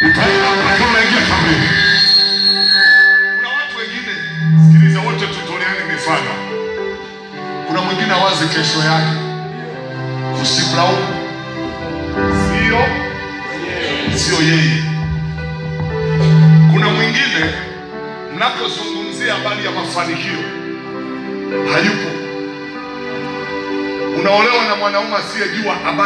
Unaingia kaburini. Kuna watu wengine, sikiliza, wote tutoleane mifano. Kuna mwingine awazi kesho yake, usimlaumu, sio sio yeye. Kuna mwingine, mnapozungumzia habari ya mafanikio, hayupo. Unaolewa na mwanaume asiyejua habari